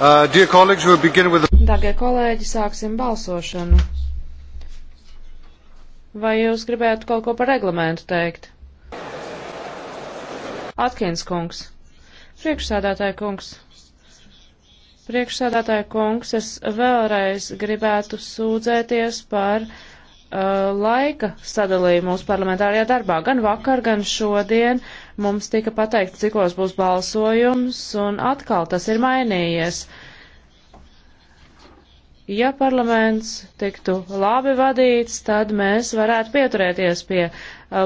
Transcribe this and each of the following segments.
Uh, we'll with... Dargie kolēģi, sāksim balsošanu. Vai jūs gribētu kaut ko par reglamentu teikt? Atkins kungs. Priekšsādātāja kungs. Priekšsādātāja kungs, es vēlreiz gribētu sūdzēties par uh, Uh, laika sadalīja mūsu parlamentārajā darbā. Gan vakar, gan šodien mums tika pateikts, cikos būs balsojums, un atkal tas ir mainījies. Ja parlaments tiktu labi vadīts, tad mēs varētu pieturēties pie uh,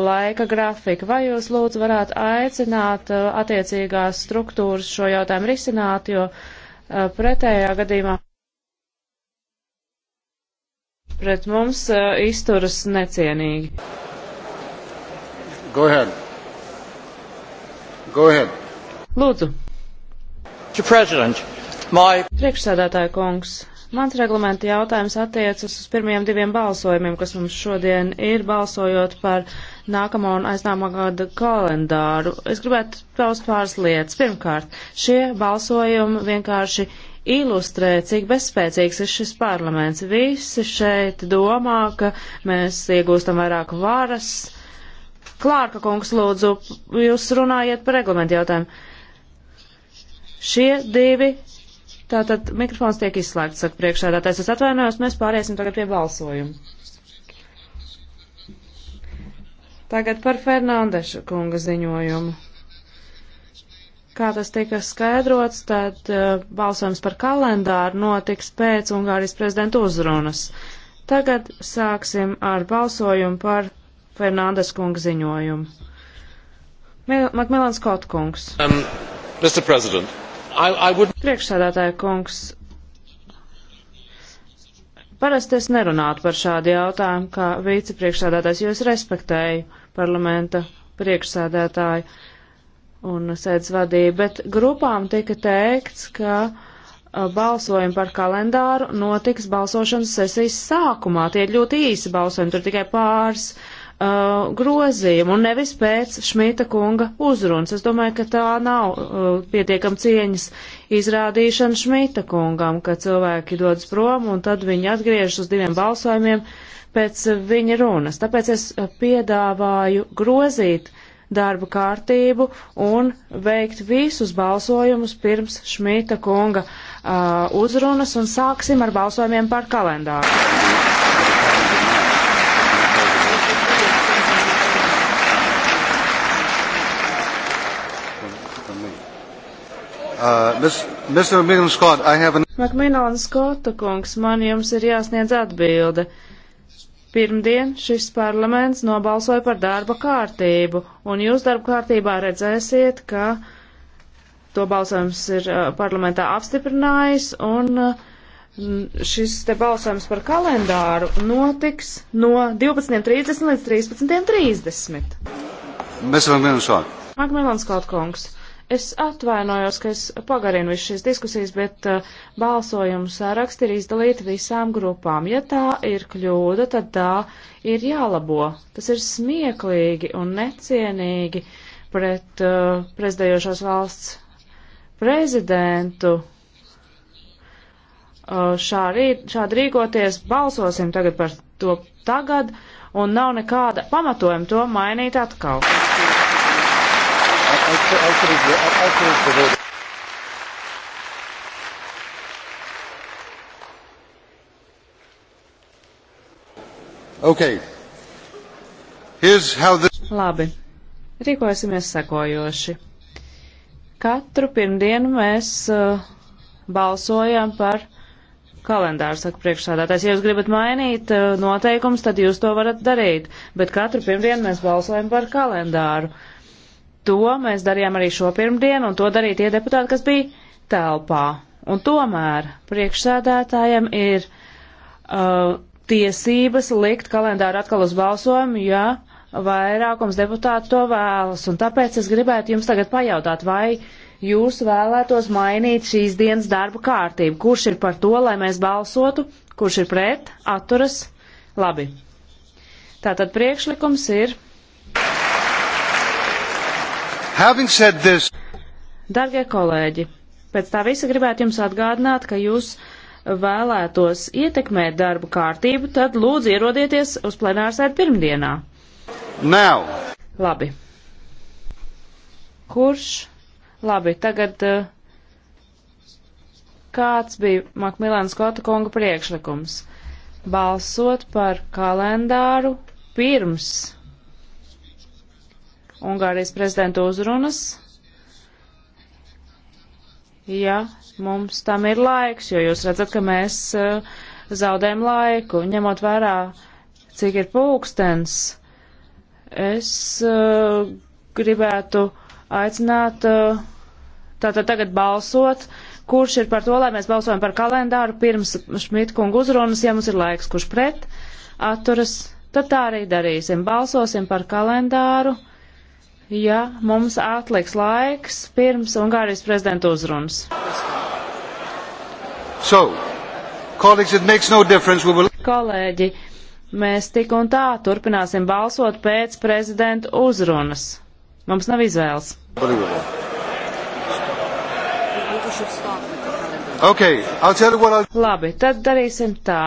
laika grafika. Vai jūs lūdzu varētu aicināt uh, attiecīgās struktūras šo jautājumu risināt, jo pretējā gadījumā pret mums uh, izturas necienīgi. Go ahead. Go ahead. Lūdzu. My... Priekšsēdētāja kungs, mans reglamenta jautājums attiecas uz pirmajiem diviem balsojumiem, kas mums šodien ir balsojot par nākamo un aiznāmā gada kalendāru. Es gribētu paust pāris lietas. Pirmkārt, šie balsojumi vienkārši ilustrē, cik bezspēcīgs ir šis parlaments. Visi šeit domā, ka mēs iegūstam vairāk varas. Klārka kungs, lūdzu, jūs runājiet par reglamentu jautājumu. Šie divi, tātad mikrofons tiek izslēgts, saka priekšādātais. Es atvainojos, mēs pāriesim tagad pie balsojumu. Tagad par Fernandeša kunga ziņojumu. Kā tas tika skaidrots, tad uh, balsojums par kalendāru notiks pēc Ungārijas prezidenta uzrunas. Tagad sāksim ar balsojumu par Fernandes kunga ziņojumu. Makmilans Kotkungs. Um, I, I would... Priekšsēdētāja kungs. Parasti es nerunātu par šādu jautājumu kā vicepriekšsēdētājs, jo es respektēju parlamenta priekšsēdētāju. Uh, un sēdz vadīja, bet grupām tika teikts, ka balsojumi par kalendāru notiks balsošanas sesijas sākumā. Tie ir ļoti īsi balsojumi, tur tikai pāris uh, grozījumi un nevis pēc Šmita kunga uzrunas. Es domāju, ka tā nav uh, pietiekam cieņas izrādīšana Šmita kungam, ka cilvēki dodas prom un tad viņi atgriežas uz diviem balsojumiem pēc viņa runas. Tāpēc es piedāvāju grozīt uh, darba kārtību un veikt visus balsojumus pirms Šmita kunga uh, uzrunas un sāksim ar balsojumiem par kalendāru. Uh, Mr. An... Makmilāns Skota kungs, man jums ir jāsniedz atbilde. Pirmdien šis parlaments nobalsoja par darba kārtību, un jūs darba kārtībā redzēsiet, ka to balsojums ir parlamentā apstiprinājis, un šis te balsojums par kalendāru notiks no 12.30 līdz 13.30. Mēs varam vienu šādu. Makmilans Kaut kungs. Es atvainojos, ka es pagarinu visu šīs diskusijas, bet uh, balsojumu saraksti ir izdalīti visām grupām. Ja tā ir kļūda, tad tā ir jālabo. Tas ir smieklīgi un necienīgi pret uh, prezidējošās valsts prezidentu uh, šā rī, šādi rīkoties, balsosim tagad par to tagad, un nav nekāda pamatojuma to mainīt atkal autorisé Okay. Here's how this... Labi. Rīkosimies sekojoši. Katru pirmdienu mēs uh, balsojam par kalendāru, saka priekšsādātājs. Ja jūs gribat mainīt uh, noteikums, tad jūs to varat darīt. Bet katru pirmdienu mēs balsojam par kalendāru. Uh, To mēs darījām arī šo pirmdienu, un to darīja tie deputāti, kas bija telpā. Un tomēr priekšsēdētājiem ir uh, tiesības likt kalendāru atkal uz balsojumu, ja vairākums deputātu to vēlas. Un tāpēc es gribētu jums tagad pajautāt, vai jūs vēlētos mainīt šīs dienas darba kārtību. Kurš ir par to, lai mēs balsotu, kurš ir pret, atturas? Labi. Tātad priekšlikums ir Dargie kolēģi, pēc tā visa gribētu jums atgādināt, ka jūs vēlētos ietekmēt darbu kārtību, tad lūdzu ierodieties uz plenārsēdu pirmdienā. Nav. Labi. Kurš? Labi, tagad eh, kāds bija Makmilāna Skota kunga priekšlikums? Balsot par kalendāru pirms Ungārijas prezidenta uzrunas, ja mums tam ir laiks, jo jūs redzat, ka mēs eh, zaudējam laiku, ņemot vērā, cik ir pūkstens. Es eh, gribētu aicināt eh, tātad tagad balsot, kurš ir par to, lai mēs balsojam par kalendāru pirms Šmitkunga uzrunas, ja mums ir laiks, kurš pret atturas, tad tā arī darīsim. Balsosim par kalendāru ja mums atliks laiks pirms Ungārijas prezidenta uzrunas. So, colleagues, it makes no difference. We will... Kolēģi, mēs tik un tā turpināsim balsot pēc prezidenta uzrunas. Mums nav izvēles. Okay, Labi, tad darīsim tā.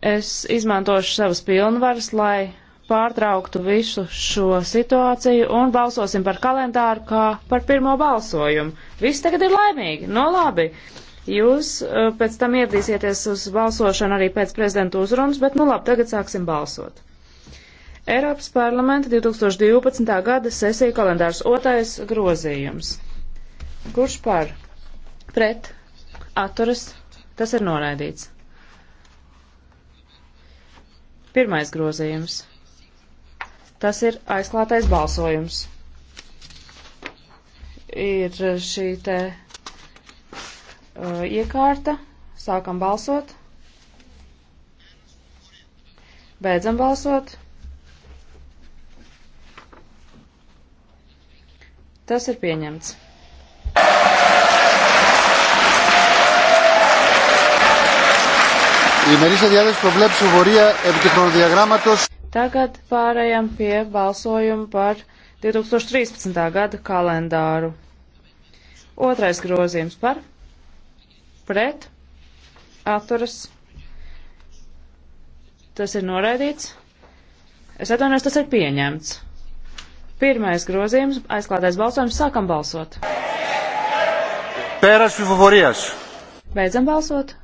Es izmantošu savas pilnvaras, lai pārtrauktu visu šo situāciju un balsosim par kalendāru kā par pirmo balsojumu. Viss tagad ir laimīgi, no labi. Jūs eh, pēc tam iedīsieties uz balsošanu arī pēc prezidenta uzrunas, bet nu labi, tagad sāksim balsot. Eiropas parlamenta 2012. gada sesija kalendārs otrais grozījums. Kurš par? Pret? Atturas? Tas ir noraidīts. Pirmais grozījums Tas ir aizklātais balsojums. Ir šī te uh, iekārta. Sākam balsot. Beidzam balsot. Tas ir pieņemts. Η ημερήσια διάθεση προβλέπει ψηφοφορία επί του χρονοδιαγράμματος. Tagad pārējām pie balsojuma par 2013. gada kalendāru. Otrais grozījums par pret atturas. Tas ir noraidīts. Es atvainojos, tas ir pieņemts. Pirmais grozījums, aizklātais balsojums, sākam balsot. Pēras fifavorijas. Beidzam balsot.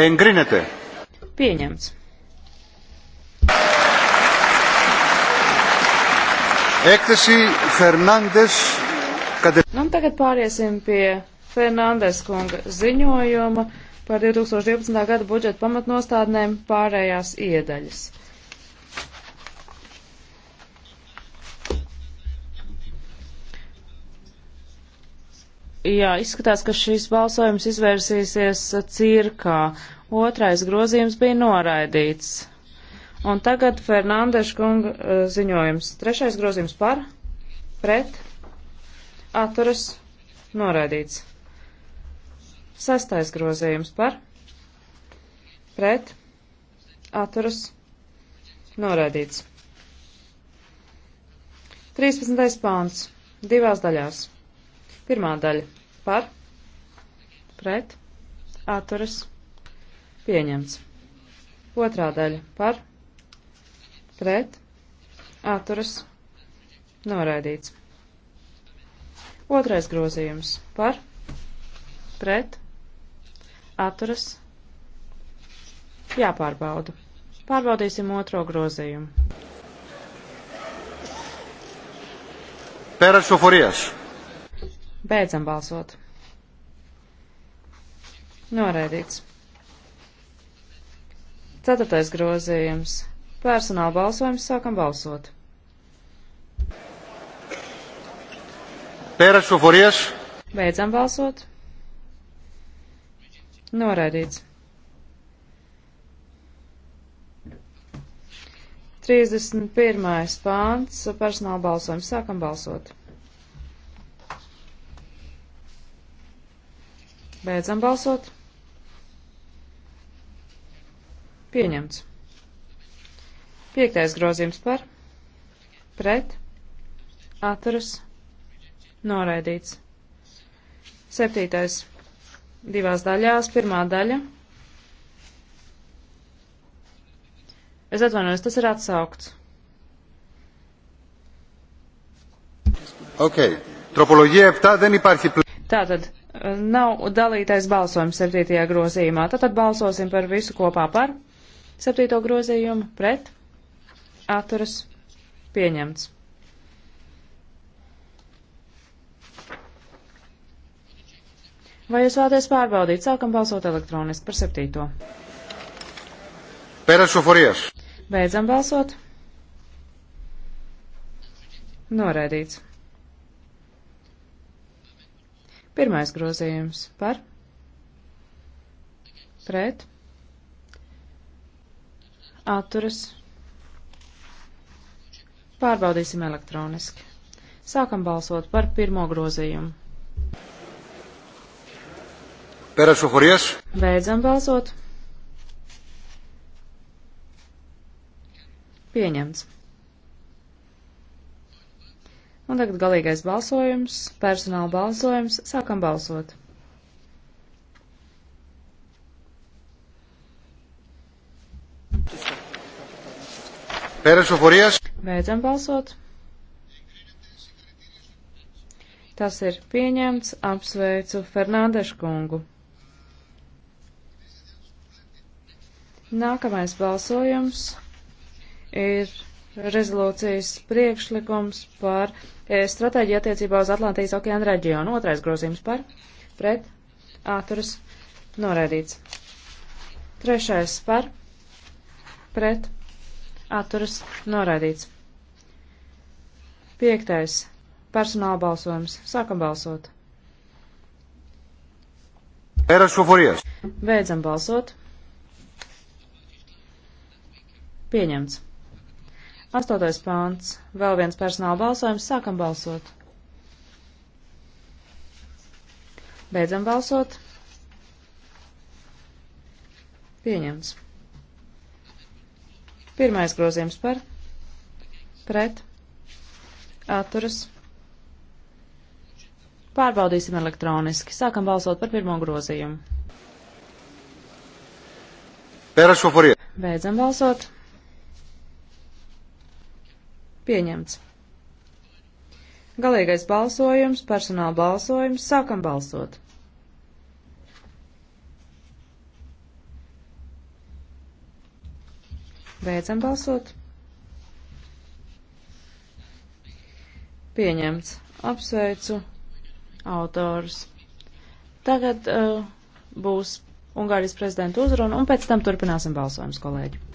Εγκρίνεται. Pieņemts. Έκθεση Φερνάντες. Κατε... Un tagad pāriesim pie Fernandes kunga ziņojuma par 2012. gada budžeta pamatnostādnēm pārējās iedaļas. Jā, izskatās, ka šīs balsojums izvērsīsies cirkā. Otrais grozījums bija noraidīts. Un tagad Fernandeša kunga eh, ziņojums. Trešais grozījums par, pret, atturas, noraidīts. Sestais grozījums par, pret, atturas, noraidīts. 13. pāns. Divās daļās. Pirmā daļa par pret atturas pieņemts. Otrā daļa par pret atturas noraidīts. Otrais grozījums par pret atturas jāpārbauda. Pārbaudīsim otro grozījumu. Pēras šoforijas. Beidzam balsot. Noraidīts. Ceturtais grozījums. Personāla balsojums sākam balsot. Pēras šoforijas. Beidzam balsot. Noraidīts. 31. pāns personāla balsojums. Sākam balsot. Beidzam balsot. Pieņemts. Piektais grozījums par, pret, atturas, noraidīts. Septītais divās daļās, pirmā daļa. Es atvainojos, tas ir atsaukts. Okay. Tropoloģija 7 δεν υπάρχει πλέον. Tātad nav dalītais balsojums 7. grozījumā. Tātad balsosim par visu kopā par 7. grozījumu, pret, atturas, pieņemts. Vai jūs vēlaties pārbaudīt? Sākam balsot elektroniski par 7. Pērēšoforijas. Beidzam balsot. Noraidīts. Pirmais grozījums par pret atturas. Pārbaudīsim elektroniski. Sākam balsot par pirmo grozījumu. Pēras Fuhuries. Beidzam balsot. Pieņemts. Un tagad galīgais balsojums, personāla balsojums, sākam balsot. Pēras Uforijas. Beidzam balsot. Tas ir pieņemts. Apsveicu Fernandešu kungu. Nākamais balsojums ir rezolūcijas priekšlikums par eh, stratēģiju attiecībā uz Atlantijas okeāna reģionu. Otrais grozījums par pret atturas noraidīts. Trešais par pret atturas noraidīts. Piektais personāla balsojums. Sākam balsot. Pēras šoforijas. Beidzam balsot. Pieņemts. Astotais pāns. Vēl viens personāla balsojums. Sākam balsot. Beidzam balsot. Pieņemts. Pirmais grozījums par pret atturas. Pārbaudīsim elektroniski. Sākam balsot par pirmo grozījumu. Pērašoforie. Beidzam balsot. Pieņemts. Galīgais balsojums, personāla balsojums, sākam balsot. Beidzam balsot. Pieņemts. Apsveicu autors. Tagad uh, būs Ungārijas prezidenta uzruna, un pēc tam turpināsim balsojums, kolēģi.